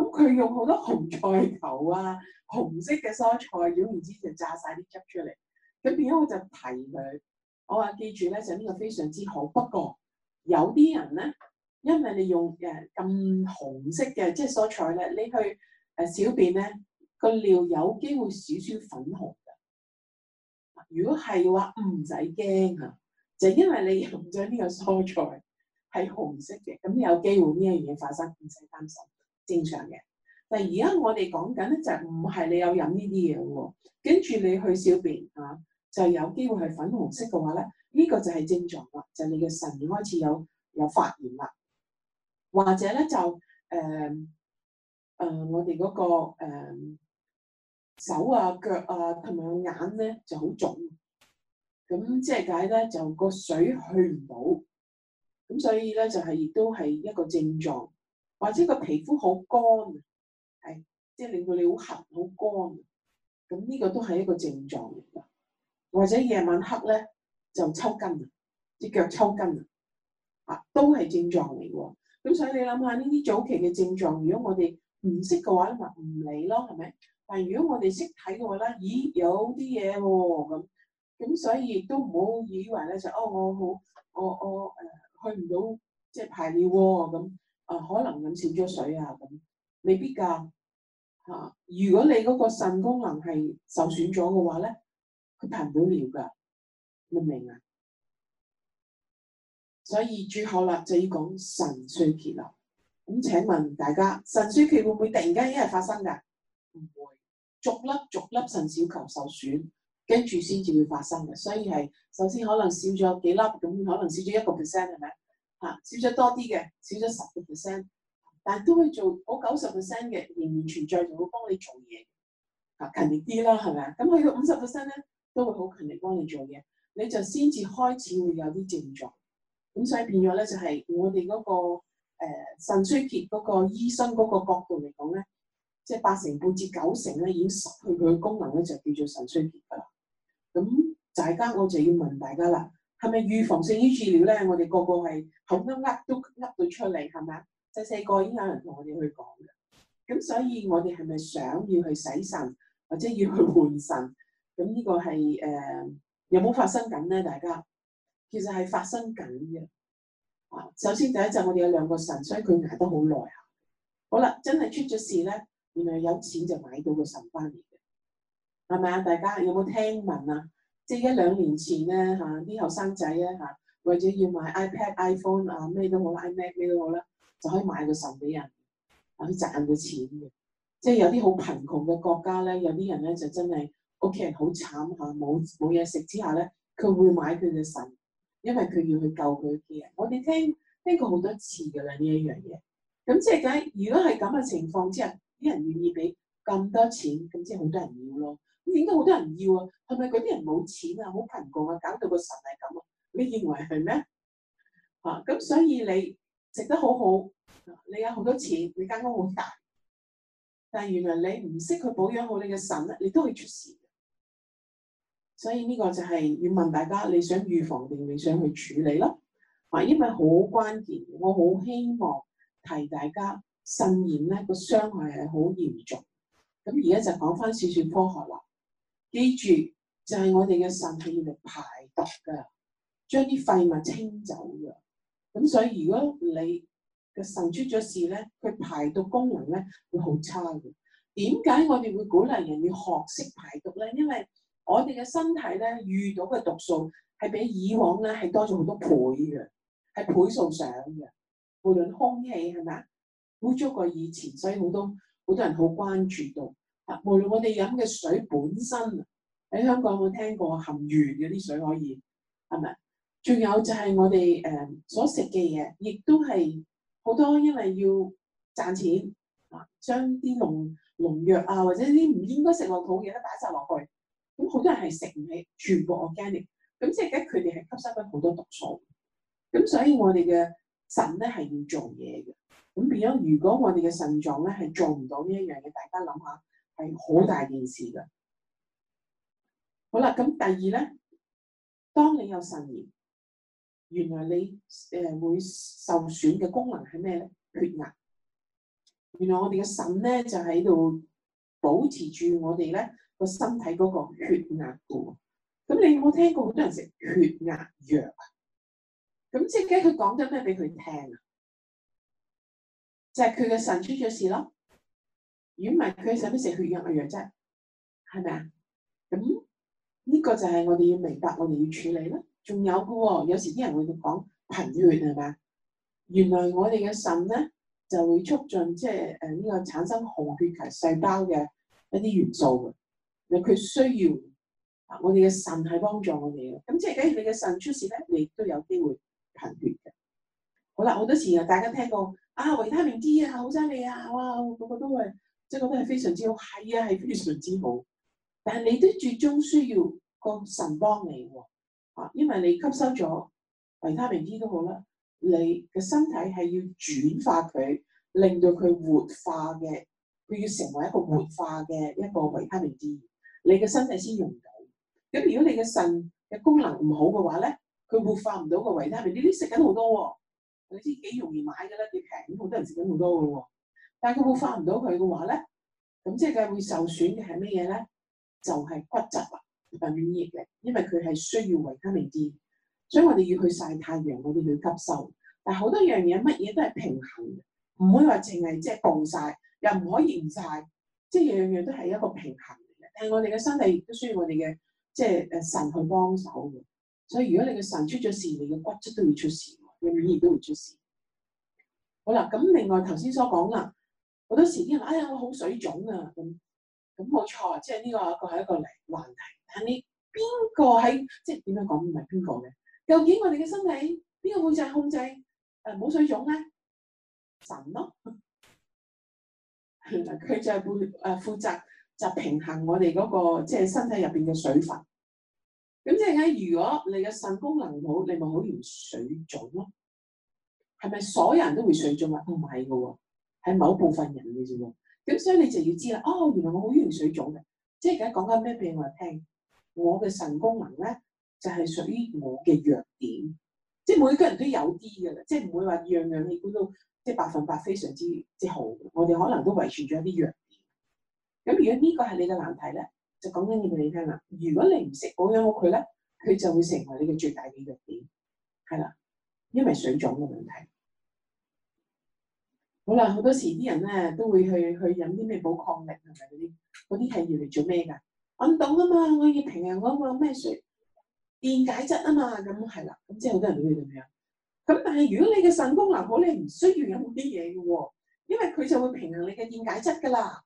咁佢用好多紅菜頭啊，紅色嘅蔬菜，如果唔知就炸晒啲汁出嚟。咁變咗我就提佢，我話記住咧，就呢個非常之好。不過有啲人咧，因為你用誒咁、呃、紅色嘅即係蔬菜咧，你去誒、呃、小便咧，個尿有機會有少少粉紅嘅。如果係話唔使驚啊，就因為你用咗呢個蔬菜係紅色嘅，咁有機會呢一樣嘢發生，唔使擔心。正常嘅，但係而家我哋講緊咧，就唔係你有飲呢啲嘢喎，跟住你去小便啊，就有機會係粉紅色嘅話咧，呢、這個就係症狀啦，就係、是、你嘅腎開始有有發炎啦，或者咧就誒誒、呃呃、我哋嗰、那個誒、呃、手啊腳啊同埋眼咧就好腫，咁即係解咧就個水去唔到，咁所以咧就係亦都係一個症狀。或者個皮膚好乾，係即係令到你好痕、好乾，咁呢個都係一個症狀嚟㗎。或者夜晚黑咧就抽筋，隻腳抽筋啊，都係症狀嚟喎。咁所以你諗下呢啲早期嘅症狀，如果我哋唔識嘅話咪唔理咯，係咪？但係如果我哋識睇嘅話咧，咦有啲嘢喎咁，咁所以亦都唔好以為咧就是、哦我好我我誒、呃、去唔到即係排尿喎咁。啊，可能飲少咗水啊，咁、嗯、未必㗎、啊、嚇、啊。如果你嗰個腎功能係受損咗嘅話咧，佢排唔到尿㗎，明唔明啊？所以最後啦，就要講腎衰竭啦。咁、嗯、請問大家，腎衰竭會唔會突然間一係發生㗎？唔會，逐粒逐粒腎小球受損，跟住先至會發生嘅。所以係首先可能少咗幾粒，咁可能少咗一個 percent 係咪？啊，少咗多啲嘅，少咗十個 percent，但係都會做好九十 percent 嘅，仍然存在，仲會幫你做嘢，啊，勤力啲啦，係咪？咁佢要五十 percent 咧，都會好勤力幫你做嘢，你就先至開始會有啲症狀，咁所以變咗咧，就係我哋嗰個誒腎衰竭嗰個醫生嗰個角度嚟講咧，即係八成半至九成咧，已經失去佢嘅功能咧，就叫做腎衰竭噶啦。咁大家我就要問大家啦。係咪預防勝於治療咧？我哋個個係口噏噏都呃到出嚟，係咪啊？細細個已經有人同我哋去講嘅，咁所以我哋係咪想要去洗腎或者要去換腎？咁呢個係誒、呃、有冇發生緊咧？大家其實係發生緊嘅。啊，首先第一集我哋有兩個腎，所以佢捱得好耐啊。好啦，真係出咗事咧，原來有錢就買到個腎關嚟嘅，係咪啊？大家有冇聽聞啊？即一兩年前咧嚇，啲後生仔啊嚇，為咗、啊、要買 iPad、iPhone 啊咩都好，iMac 咩都好啦，就可以買個腎俾人，啊，賺個錢嘅。即係有啲好貧窮嘅國家咧，有啲人咧就真係屋企人好慘嚇，冇冇嘢食之下咧，佢會買佢嘅腎，因為佢要去救佢嘅人。我哋聽聽過好多次噶啦呢一樣嘢。咁即係點？如果係咁嘅情況之下，啲人願意俾咁多錢，咁即係好多人要咯。點解好多人要啊，係咪嗰啲人冇錢啊，好貧窮啊，搞到個腎係咁啊？你認為係咩？嚇、啊、咁，所以你食得好好，你有好多錢，你間屋好大，但係原來你唔識去保養好你嘅腎咧，你都會出事。所以呢個就係要問大家，你想預防定你想去處理啦？嗱、啊，因為好關鍵，我好希望提大家，腎炎咧個傷害係好嚴重。咁而家就講翻少少科學啦。記住，就係我哋嘅腎係要嚟排毒噶，將啲廢物清走嘅。咁所以如果你嘅腎出咗事咧，佢排毒功能咧會好差嘅。點解我哋會鼓勵人要學識排毒咧？因為我哋嘅身體咧遇到嘅毒素係比以往咧係多咗好多倍嘅，係倍數上嘅。無論空氣係咪，好咗過以前，所以好多好多人好關注到。無論我哋飲嘅水，本身喺香港有冇聽過含鉛嘅啲水可以係咪？仲有就係我哋誒、呃、所食嘅嘢，亦都係好多因為要賺錢啊，將啲農農藥啊或者啲唔應該食落肚嘅嘢都擺晒落去。咁、嗯、好多人係食唔起全部 organic，咁即係而家佢哋係吸收咗好多毒素。咁、嗯、所以我哋嘅腎咧係要做嘢嘅。咁變咗，如果我哋嘅腎臟咧係做唔到呢一樣嘢，大家諗下。係好大件事噶，好啦，咁第二咧，當你有腎炎，原來你誒、呃、會受損嘅功能係咩咧？血壓。原來我哋嘅腎咧就喺度保持住我哋咧個身體嗰個血壓嘅。咁你有冇聽過好多人食血壓藥啊？咁即係佢講咗咩俾佢聽啊？就係佢嘅腎出咗事咯。如果唔係佢使乜食血液嘅藥啫，係咪啊？咁、嗯、呢個就係我哋要明白，我哋要處理啦。仲有嘅喎，有時啲人會講貧血，係咪啊？原來我哋嘅腎咧就會促進即係誒呢個產生紅血球細胞嘅一啲元素嘅，佢需要啊，我哋嘅腎係幫助我哋嘅。咁即係假如你嘅腎出事咧，你都有機會貧血嘅。好啦，好多時啊，大家聽過啊維他命 D 啊好犀利啊，哇個個都話。即係我都係非常之好，係啊，係非常之好。但係你都最終需要個腎幫你喎，啊，因為你吸收咗維他命 D 都好啦，你嘅身體係要轉化佢，令到佢活化嘅，佢要成為一個活化嘅一個維他命 D，你嘅身體先用到。咁、啊、如果你嘅腎嘅功能唔好嘅話咧，佢活化唔到個維他命 D，都食緊好多喎。你知幾容易買㗎啦，啲平，好多人食緊好多㗎喎。但佢會發唔到佢嘅話咧，咁即係佢會受損嘅係乜嘢咧？就係、是、骨質啊同免疫嘅，因為佢係需要維他命 D，所以我哋要去晒太陽，我哋去吸收。但係好多樣嘢乜嘢都係平衡嘅，唔會話淨係即係暴晒，又唔可以唔晒，即係樣樣都係一個平衡嚟嘅。但係我哋嘅身體亦都需要我哋嘅即係誒腎去幫手嘅。所以如果你嘅腎出咗事，你嘅骨質都會出事，你免疫都會出事。好啦，咁另外頭先所講啦。好多時啲人，哎呀，我好水腫啊！咁咁冇錯，即係呢個一個係一個難題。但你邊個喺即係點樣講，唔係邊個嘅，究竟我哋嘅身體邊個、呃啊、 *laughs* 負責控制誒冇水腫咧？腎咯，佢就係負誒負責就平衡我哋嗰，那個即係身體入邊嘅水分。咁即係咧，如果你嘅腎功能唔好，你咪好容易水腫咯啊。係咪所有人都會水腫啊？唔係嘅，係某部分人嘅啫喎，咁所以你就要知啦。哦，原來我好容易水腫嘅，即係梗係講緊咩俾我聽？我嘅腎功能咧，就係屬於我嘅弱點。即係每個人都有啲嘅，即係唔會話樣樣器官都即係百分百非常之之好。我哋可能都遺傳咗一啲弱點。咁如果呢個係你嘅難題咧，就講緊嘢俾你聽啦。如果你唔食嗰樣嘢佢咧，佢就會成為你嘅最大嘅弱點，係啦，因為水腫嘅問題。好啦，好多時啲人咧都會去去飲啲咩補抗力，係咪嗰啲？嗰啲係要嚟做咩㗎？運動啊嘛，我要平衡我個咩水電解質啊嘛，咁係啦，咁即係好多人會咁樣。咁但係如果你嘅腎功能好，你唔需要有啲嘢嘅喎，因為佢就會平衡你嘅電解質㗎啦。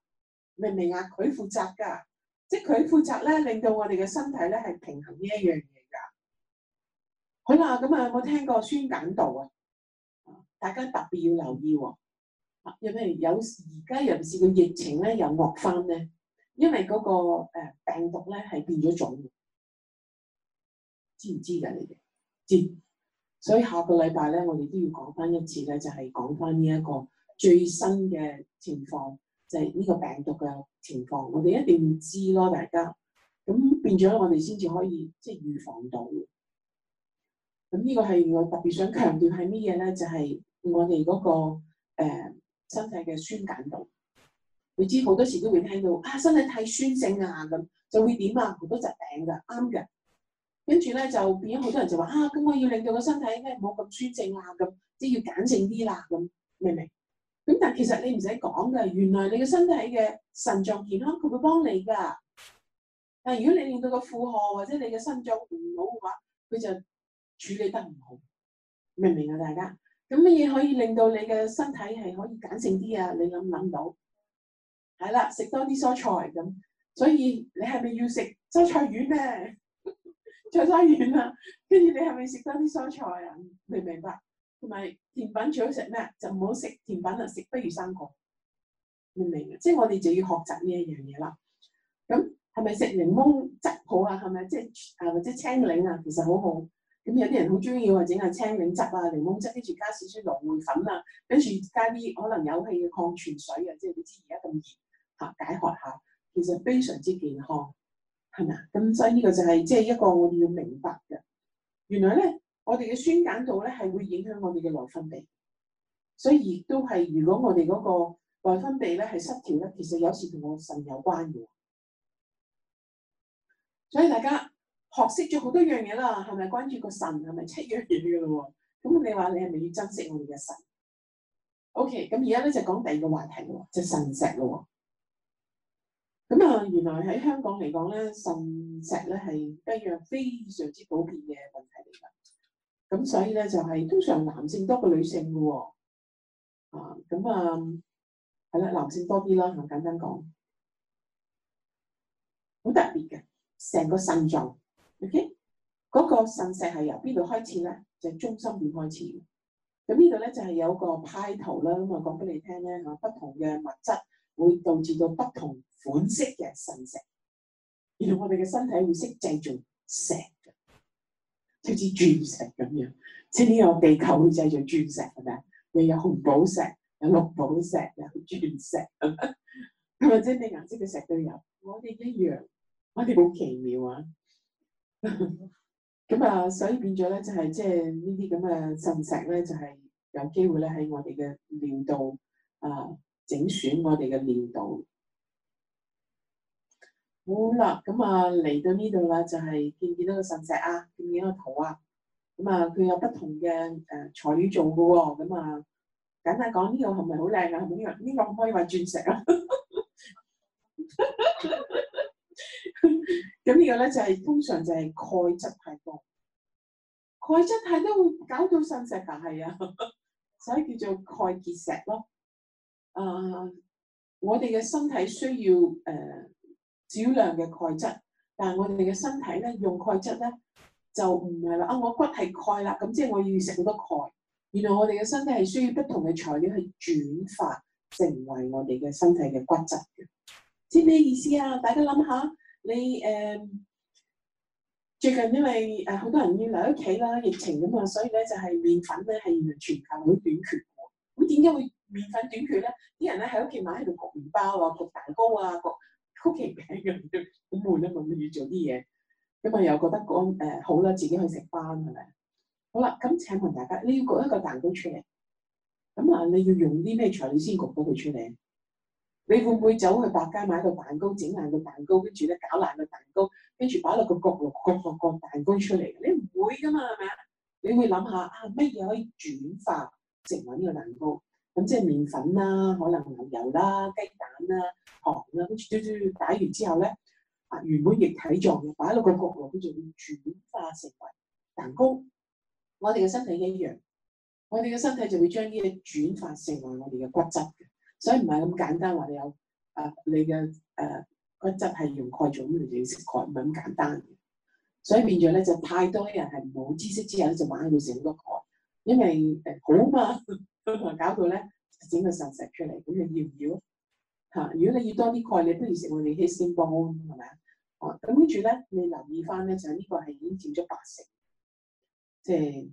明唔明啊？佢負責㗎，即係佢負責咧，令到我哋嘅身體咧係平衡呢一樣嘢㗎。好啦，咁啊有冇聽過酸鹼度啊？大家特別要留意喎、哦。啊，有時有而家又是個疫情咧，又惡翻咧，因為嗰個誒病毒咧係變咗種，知唔知㗎你哋？知、知、知，所以下個禮拜咧，我哋都要講翻一次咧，就係講翻呢一個最新嘅情況，就係、是、呢個病毒嘅情況，我哋一定要知咯，大家。咁變咗我哋先至可以即係預防到嘅。咁呢個係我特別想強調係咩嘢咧？就係、是、我哋嗰、那個誒。呃身體嘅酸鹼度，你知好多時都會聽到啊，身體太酸性啊，咁就會點啊，好多疾病噶，啱嘅。跟住咧就變咗好多人就話啊，咁我要令到個身體咧唔好咁酸性啊，咁即係要鹼性啲啦，咁明唔明？咁但係其實你唔使講嘅，原來你嘅身體嘅腎臟健康佢會幫你㗎。但係如果你令到個負荷或者你嘅腎臟唔好嘅話，佢就處理得唔好，明唔明啊大家？有乜嘢可以令到你嘅身體係可以鹼性啲啊？你諗唔諗到？係啦，食多啲蔬菜咁，所以你係咪要食蔬菜丸咧？菜菜丸啊，跟住你係咪食多啲蔬菜啊？明唔明白？同埋甜品最好食咩？就唔好食甜品啊，食不如生果。明唔明？即係我哋就要學習呢一樣嘢啦。咁係咪食檸檬汁好啊？係咪？即係啊、呃，或者青檸啊，其實好好。咁、嗯、有啲人好中意話整下青檸汁啊、檸檬汁，跟住加少少蘆薈粉啊，跟住加啲可能有氣嘅礦泉水啊，即係你知而家咁熱嚇解渴下，其實非常之健康，係咪？咁所以呢個就係即係一個我哋要明白嘅，原來咧我哋嘅酸鹼度咧係會影響我哋嘅內分泌，所以亦都係如果我哋嗰個內分泌咧係失調咧，其實有時同我腎有關嘅，所以大家學識咗好多是是是是樣嘢啦，係咪？關注個腎係咪七樣嘢噶咯？咁你話你係咪要珍惜我哋嘅腎？OK，咁而家咧就講第二個話題咯，就腎、是、石咯。咁啊，原來喺香港嚟講咧，腎石咧係一樣非常之普遍嘅問題嚟噶。咁所以咧就係、是、通常男性多過女性噶喎。啊、咁、嗯、啊，係啦，男性多啲啦，係咪？簡單講，好特別嘅，成個腎臟。OK，嗰個腎石係由邊度開始咧？就係中心點開始。咁呢度咧就係有個派圖啦，咁啊講俾你聽咧嚇。不同嘅物質會導致到不同款式嘅腎石。然後我哋嘅身體會識製造石嘅，即似鑽石咁樣。即係呢個地球會製造鑽石係咪？又有紅寶石，有綠寶石，有鑽石，或者 *laughs* 你顏色嘅石都有。我哋一樣，我哋好奇妙啊！咁啊、 *laughs* 嗯，所以變咗咧，就是，就係即係呢啲咁嘅神石咧，就係有機會咧喺我哋嘅尿道啊，整損我哋嘅尿道。好啦，咁啊嚟到呢度啦，就係、是，見唔見到個神石啊？見唔見到個圖啊？咁、嗯、啊，佢有不同嘅誒、呃、材料做噶喎、哦。咁、嗯、啊，簡單講，呢、這個係咪好靚啊？好靚、這個，呢、這個可以話鑽石啊！ *laughs* 咁 *laughs* 呢個咧就係、是、通常就係鈣質太多，鈣質太多會搞到腎石，石，係啊， *laughs* 所以叫做鈣結石咯。啊、呃，我哋嘅身體需要誒少、呃、量嘅鈣質，但係我哋嘅身體咧用鈣質咧就唔係話啊我骨係鈣啦，咁即係我要食好多鈣。原來我哋嘅身體係需要不同嘅材料去轉化成為我哋嘅身體嘅骨質嘅，知唔知意思啊？大家諗下。你誒、嗯、最近因為誒好、呃、多人要留喺屋企啦，疫情咁嘛，所以咧就係、是、麵粉咧係全球好短缺。咁點解會麵粉短缺咧？啲人咧喺屋企買喺度焗麵包啊、焗蛋糕啊、焗曲奇餅咁、啊、好悶啊嘛，冇要做啲嘢，咁啊又覺得講誒、呃、好啦，自己去食返係咪？好啦，咁請問大家，你要焗一個蛋糕出嚟，咁啊你要用啲咩材料先焗到佢出嚟？你會唔會走去百佳買個蛋糕，整爛個蛋糕，跟住咧攪爛個蛋糕，跟住擺落個焗爐，焗焗焗蛋糕出嚟？你唔會噶嘛，係咪啊？你會諗下啊，乜嘢可以轉化成為呢個蛋糕？咁即係麵粉啦，可能牛油啦、雞蛋啦、糖啦，跟住嘟嘟擺完之後咧，啊原本液體狀嘅擺落個焗爐，佢就會轉化成為蛋糕。我哋嘅身體一樣，我哋嘅身體就會將啲嘢轉化成為我哋嘅骨質。所以唔係咁簡單，話你有誒、呃、你嘅誒骨質係用鈣做，咁你就要食鈣，唔係咁簡單。所以變咗咧，就太多啲人係冇知識之後咧，就玩到成個鈣，因為誒好啊嘛， *laughs* 搞到咧整個腎石出嚟，咁你要唔要？嚇、啊！如果你要多啲鈣，你不如食我哋 Histone 係咪啊？哦，咁跟住咧，你留意翻咧，就係呢個係已經佔咗八成，即、就、係、是、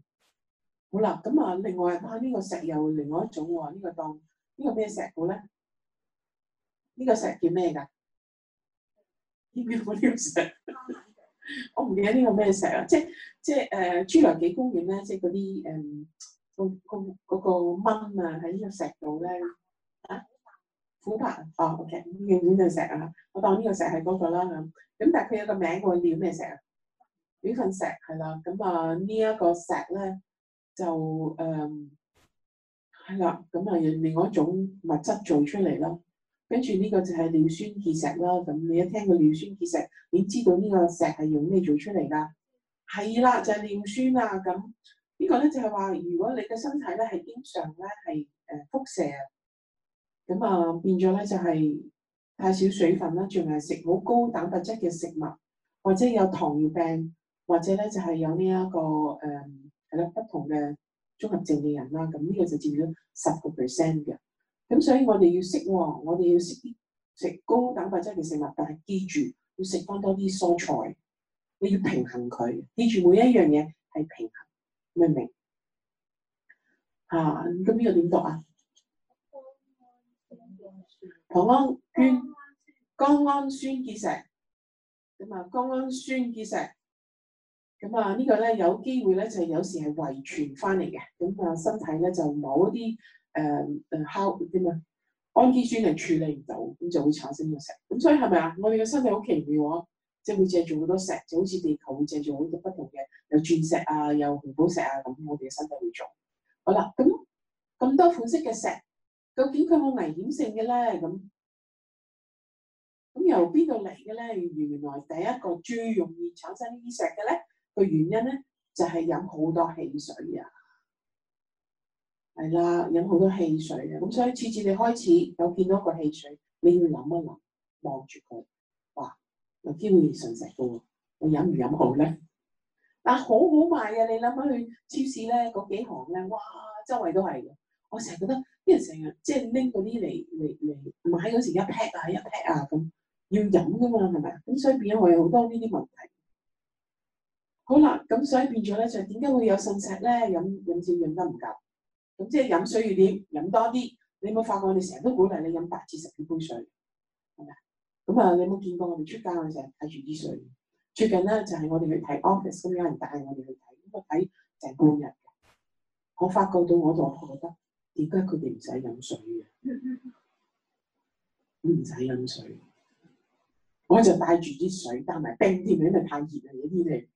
好啦。咁啊，另外啊，呢、這個石又另外一種喎，呢、這個當。個呢個咩石股咧？呢、這個石叫咩噶？呢塊呢石， *laughs* 我唔記得呢個咩石啊！即係即係誒，珠、呃、羅紀公園咧，即係嗰啲誒，公、嗯、嗰、那個那個那個蚊啊，喺呢個石度咧啊，琥珀啊，OK，遠遠就石啊，我當呢個石係嗰個啦吓。咁但係佢有個名嘅，叫咩石啊？軟粉石係啦。咁啊，呢、嗯、一、這個石咧就誒。嗯係啦，咁啊，用另外一種物質做出嚟咯，跟住呢個就係尿酸結石啦。咁 Slack 你一聽個尿酸結石，你知道呢個石係用咩做出嚟噶？係啦，就係、是、尿酸啊。咁呢 intuitive nai spam 個咧就係話，如果你嘅身體咧係經常咧係誒輻射，咁啊、like、變咗咧就係太少水分啦，仲係食好高蛋白質嘅食物，或者有糖尿病，或者咧就係有呢一個誒係啦不同嘅。綜合症嘅人啦，咁呢個就佔咗十個 percent 嘅，咁、嗯、所以我哋要識喎、哦，我哋要識食高蛋白質嘅食物，但係記住要食翻多啲蔬菜，你要平衡佢，記住每一樣嘢係平衡，明唔明？啊，咁呢個點讀啊？糖胱氨酸結石，咁啊，胱氨酸結石。咁啊，呢個咧有機會咧就係有時係遺傳翻嚟嘅，咁啊身體咧就冇一啲誒誒酵啊啲嘛，氨基酸係處理唔到，咁就會產生個石。咁所以係咪啊？我哋嘅身體好奇妙啊，即係會借住好多石，就好似地球會借住好多不同嘅有鑽石啊，有紅寶石啊咁，我哋嘅身體會做。好啦，咁咁多款式嘅石，究竟佢冇危險性嘅咧？咁咁由邊度嚟嘅咧？原來第一個最容易產生呢啲石嘅咧。個原因咧，就係飲好多汽水啊，係啦，飲好多汽水啊，咁所以次次你開始有見到個汽水，你要諗一諗，望住佢，哇，有機會腎石嘅喎，我完飲唔飲好咧？但、啊、好好賣啊！你諗一去超市咧，嗰幾行咧，哇，周圍都係嘅。我成日覺得啲人成日即係拎嗰啲嚟嚟嚟買嗰時，一劈啊，一劈啊，咁要飲嘅嘛，係咪？咁所以變咗我有好多呢啲問題。好啦，咁所以變咗咧，就點解會有腎石咧？飲飲，飲，飲，飲水飲得唔夠，咁即係飲水要點？飲多啲。你有冇發覺我哋成日都鼓勵你飲八至十幾杯水，係咪？咁啊，你有冇見過我哋出街嘅時候帶住啲水。最近咧就係、是、我哋去睇 office，咁有人帶我哋去睇，咁我睇就成半日嘅。我發覺到我度，我覺得點解佢哋唔使飲水嘅？唔使飲水，我就帶住啲水，加埋冰啲因為太熱啊，啲天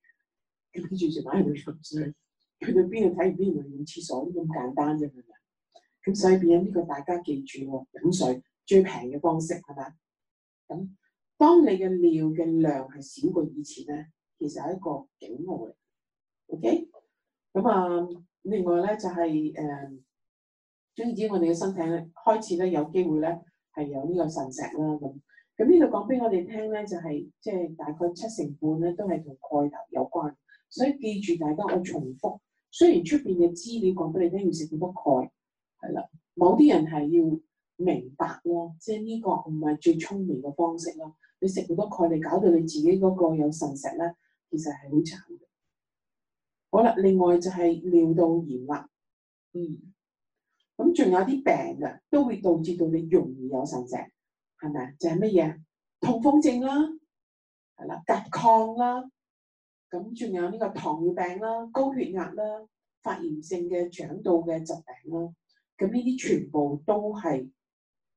啲跟住就擺喺度飲水，去到邊度睇完邊度用廁所咁簡單啫，係咪？咁所以變咗呢個大家記住喎，飲水最平嘅方式係咪？咁，當你嘅尿嘅量係少過以前咧，其實係一個警告嚟。OK，咁啊，另外咧就係、是、誒、呃，總言之，我哋嘅身體開始咧有機會咧係有呢個腎石啦。咁咁呢度講俾我哋聽咧，就係即係大概七成半咧都係同鈣頭有關。所以記住大家，我重複，雖然出面嘅資料講俾你聽，你要食好多鈣，係啦，某啲人係要明白喎，即係呢個唔係最聰明嘅方式咯。你食好多鈣，你搞到你自己嗰個有腎石咧，其實係好慘嘅。好啦，另外就係尿道炎啦，嗯，咁仲有啲病啊，都會導致到你容易有腎石，係咪啊？就係乜嘢？痛風症啦，係啦，甲亢啦。咁仲有呢個糖尿病啦、高血壓啦、發炎性嘅腸道嘅疾病啦，咁呢啲全部都係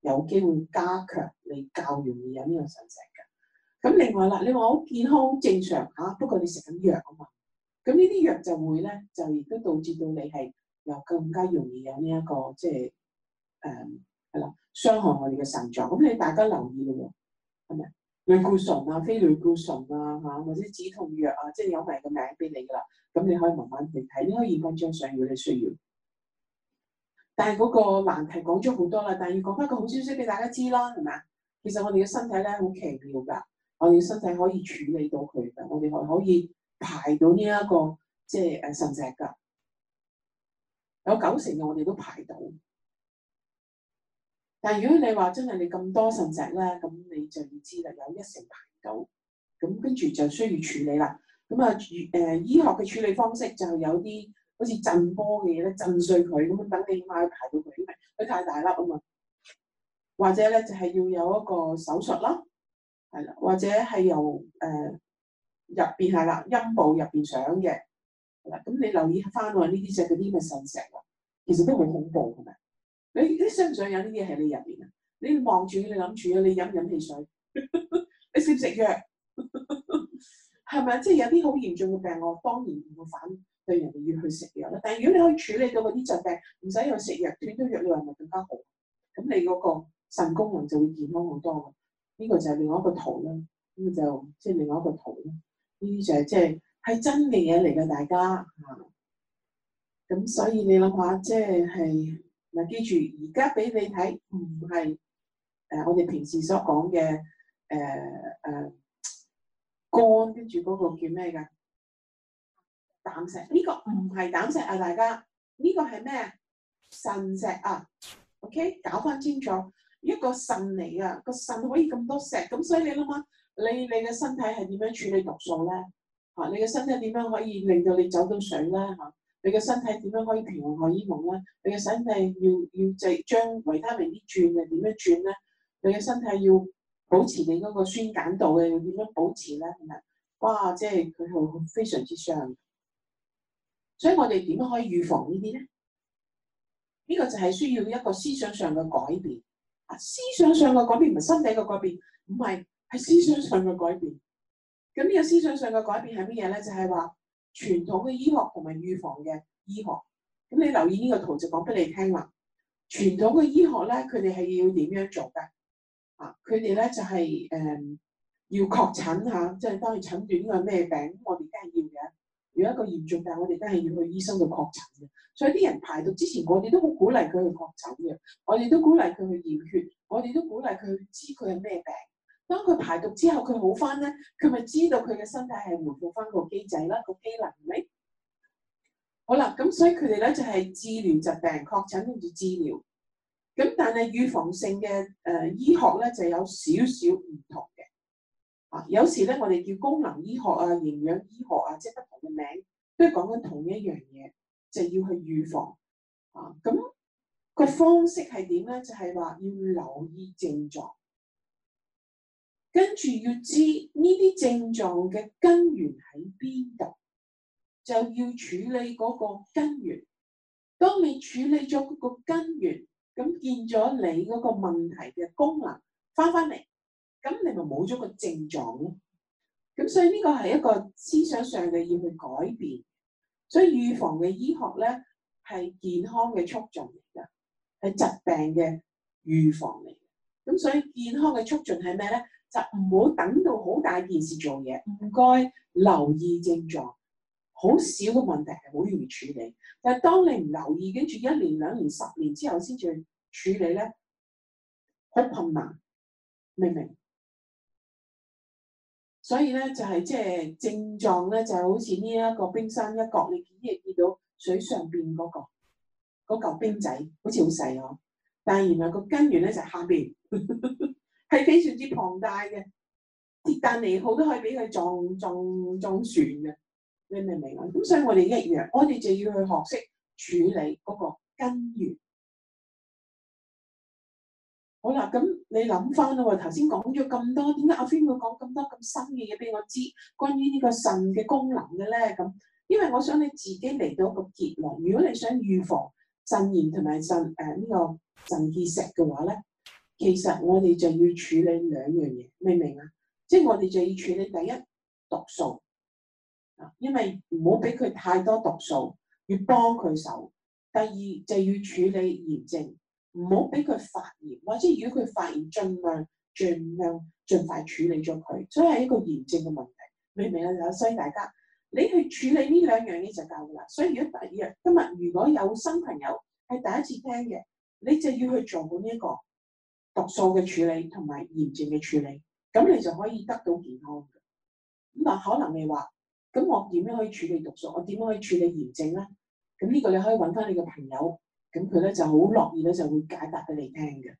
有機會加強，你較容易有呢個腎石嘅。咁另外啦，你話好健康、正常嚇，不過你食緊藥啊嘛，咁呢啲藥就會咧，就亦都導致到你係又更加容易有呢、這、一個即係誒係啦，傷害我哋嘅腎臟。咁你大家留意嘅喎，係咪？類固醇啊，非類固醇啊，吓或者止痛藥啊，即係有埋個名俾你噶啦。咁你可以慢慢睇睇，你可以影翻張相，要你需要。但係嗰個難題講咗好多啦，但係要講翻個好消息俾大家知啦，係咪？其實我哋嘅身體咧好奇妙噶，我哋嘅身體可以處理到佢嘅，我哋係可以排到呢一個即係誒腎石噶，有九成嘅我哋都排到。但如果你話真係你咁多腎石咧，咁你就要知啦，有一成排到，咁跟住就需要處理啦。咁啊，誒、呃、醫學嘅處理方式就有啲好似震波嘅嘢咧，震碎佢咁樣等你慢慢排到佢，因為佢太大粒啊嘛。或者咧就係、是、要有一個手術啦，係啦，或者係由誒、呃、入邊係啦陰部入邊上嘅。咁你留意翻喎，呢啲只嗰啲嘅腎石喎，其實都好恐怖，係咪？你想唔想有呢啲嘢喺你入邊啊？你望住你諗住啊，你飲唔飲汽水？ *laughs* 你食唔食藥？係咪啊？即係有啲好嚴重嘅病，我當然唔會反對人哋要去食藥啦。但係如果你可以處理到嗰啲疾病，唔使有食藥，斷咗藥量咪更加好。咁你嗰個腎功能就會健康好多噶。呢個就係另外一個圖啦。咁就即係另外一個圖啦。呢啲就係即係係真嘅嘢嚟噶，大家吓。咁所以你諗下，即係。咪記住，而家俾你睇唔係誒，我哋平時所講嘅誒誒肝，跟住嗰、嗰個叫咩㗎膽石？呢、呢個唔係膽石啊，大家呢、呢個係咩腎石啊？OK，搞返清楚，一個腎嚟啊，個腎可以咁多石，咁所以你諗下，你你嘅身體係點樣處理毒素咧？吓、啊，你嘅身體點樣可以令到你走到水咧？吓、啊？你嘅身體點樣可以平衡荷爾蒙咧？你嘅身體要要就將維他命啲轉嘅點樣轉咧？你嘅身體要保持你嗰個酸鹼度嘅要點樣保持咧？係咪？哇！即係佢係非常之傷。所以我哋點樣可以預防呢啲咧？呢個就係需要一個思想上嘅改變。啊，思想上嘅改變唔係身體嘅改變，唔係係思想上嘅改變。咁呢個思想上嘅改變係乜嘢咧？就係話。傳統嘅醫學同埋預防嘅醫學，咁你留意呢個圖就講俾你聽啦。傳統嘅醫學咧，佢哋係要點樣做噶？啊，佢哋咧就係、是、誒、嗯、要確診吓，即、啊、係、就是、當佢診斷呢個咩病，我哋梗係要嘅。如果一個嚴重病，我哋梗係要去醫生度確診嘅。所以啲人排毒之前，我哋都好鼓勵佢去確診嘅，我哋都鼓勵佢去驗血，我哋都鼓勵佢去知佢係咩病。當佢排毒之後，佢好翻咧，佢咪知道佢嘅身體係回復翻個機制啦，個機能力，係咪？好啦，咁所以佢哋咧就係、是、治療疾病、確診跟住治療。咁但係預防性嘅誒、呃、醫學咧，就有少少唔同嘅。啊，有時咧，我哋叫功能醫學啊、營養醫學啊，即係不同嘅名，都係講緊同一樣嘢，就係要去預防。啊，咁個方式係點咧？就係、是、話要留意症狀。跟住要知呢啲症狀嘅根源喺邊度，就要處理嗰個根源。當你處理咗嗰個根源，咁見咗你嗰個問題嘅功能翻翻嚟，咁你咪冇咗個症狀囉。咁所以呢個係一個思想上嘅要去改變，所以預防嘅醫學咧係健康嘅促進嚟噶係疾病嘅預防嚟。咁所以健康嘅促進係咩咧？就唔好等到好大件事做嘢，唔該留意症狀，好少嘅問題係好容易處理。但係當你唔留意，跟住一年、兩年、十年之後先至處理咧，好困難，明唔明？所以咧就係即係症狀咧，就係就係呢就係、好似呢一個冰山一角，你只係見到水上邊嗰、嗰個嗰嚿、嗰個、冰仔，好似好細哦。但係原來個根源咧就係、係、下邊。 *laughs* 係非常之龐大嘅，鐵達尼號都可以俾佢撞撞撞船嘅，你明唔明啊？咁所以我哋一樣，我哋就要去學識處理嗰個根源。好啦，咁你諗翻啦，頭先講咗咁多，點解阿飛會講咁多咁新嘅嘢俾我知，關於呢個腎嘅功能嘅咧？咁因為我想你自己嚟到一個結論，如果你想預防腎炎同埋腎誒呢個腎結石嘅話咧。其實我哋就要處理兩樣嘢，明唔明啊？即係我哋就要處理第一毒素啊，因為唔好俾佢太多毒素，要幫佢手。第二就要處理炎症，唔好俾佢發炎，或者如果佢發炎，盡量盡量盡快處理咗佢。所以係一個炎症嘅問題，明唔明啊？所以大家你去處理呢兩樣嘢就夠啦。所以如果第二日，今日如果有新朋友係第一次聽嘅，你就要去做呢一個。毒素嘅處理同埋炎症嘅處理，咁你就可以得到健康嘅。咁但可能你話，咁我點樣可以處理毒素？我點樣可以處理炎症咧？咁呢個你可以揾翻你嘅朋友，咁佢咧就好樂意咧就會解答俾你聽嘅。